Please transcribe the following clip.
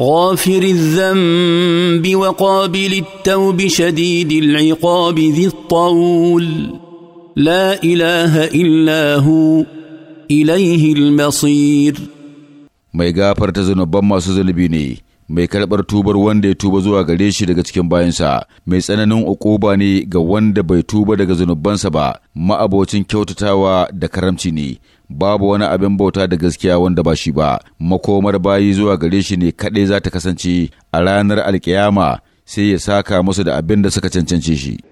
غافر الذنب وقابل التوب شديد العقاب ذي الطول لا اله الا هو اليه المصير ما gafarta zunuban بما سزل ne mai karɓar tubar wanda ya tuba zuwa gare shi daga cikin bayansa mai tsananin uquba ne ga wanda bai tuba daga zunubansa ba ma'abocin kyautatawa da karamci ne babu wani abin bauta da gaskiya wanda ba shi ba makomar bayi zuwa gare shi ne kaɗai za ta kasance a ranar alkiyama sai ya saka musu da abin da suka cancance shi